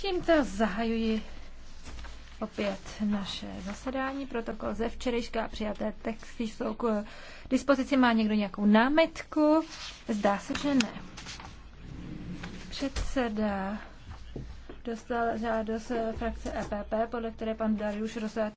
Tímto zahajuji opět naše zasedání. Protokol ze včerejška přijaté texty jsou k dispozici. Má někdo nějakou námetku Zdá se, že ne. Předseda dostal žádost frakce EPP, podle které pan Darius Rosat